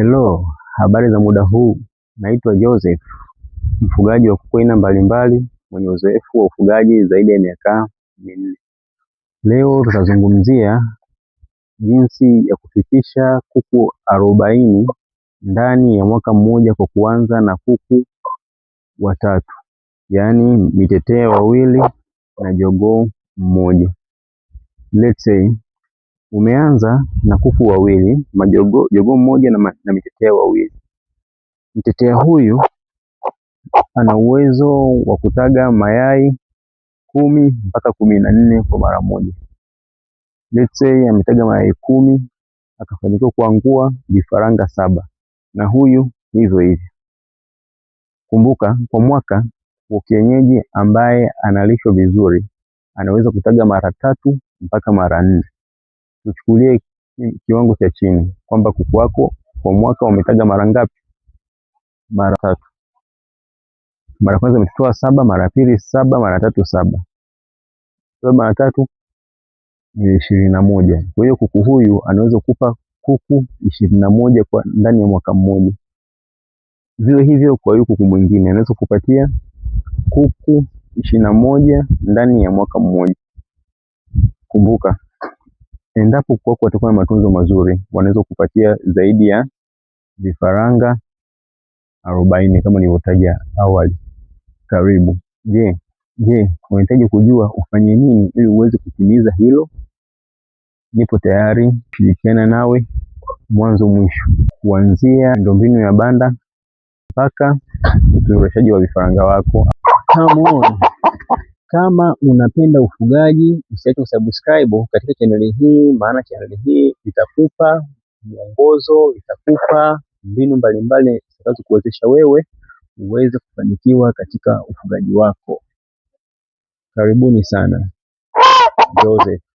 Hello, habari za muda huu. Naitwa Joseph, mfugaji wa kuku aina mbalimbali mwenye uzoefu wa ufugaji zaidi ya miaka minne. Leo tutazungumzia jinsi ya kufikisha kuku arobaini ndani ya mwaka mmoja kwa kuanza na kuku watatu, yaani mitetea wawili na jogoo mmoja. Let's say Umeanza na kuku wawili, jogo mmoja na mitetea wawili. Mtetea huyu ana uwezo wa kutaga mayai kumi mpaka kumi na nne kwa mara moja. Let's say ametaga mayai kumi akafanikiwa kuangua vifaranga saba, na huyu hivyo hivyo. Kumbuka kwa mwaka wa kienyeji ambaye analishwa vizuri anaweza kutaga mara tatu mpaka mara nne tuchukulie kiwango cha chini kwamba kuku wako kwa mwaka umetaga mara ngapi? Mara tatu. Mara ya kwanza umetoa saba, mara ya pili saba, mara tatu saba. kwa mara tatu ni ishirini na moja. Kwa hiyo kuku huyu anaweza kupa kuku ishirini na moja kwa ndani ya mwaka mmoja. Vivyo hivyo kwa hiyo kuku mwingine anaweza kupatia kuku ishirini na moja ndani ya mwaka mmoja. Kumbuka Endapo kuku watakuwa na matunzo mazuri, wanaweza kupatia zaidi ya vifaranga arobaini kama nilivyotaja awali. Karibu. Je, je, unahitaji kujua ufanye nini ili uweze kutimiza hilo? Nipo tayari kushirikiana nawe mwanzo mwisho, kuanzia miundombinu ya banda mpaka uzoreshaji wa vifaranga wako. Come on. Kama unapenda ufugaji usiache kusubscribe katika chaneli hii, maana chaneli hii itakupa mwongozo, itakupa mbinu mbalimbali zitakazokuwezesha wewe uweze kufanikiwa katika ufugaji wako. Karibuni sana Joseph.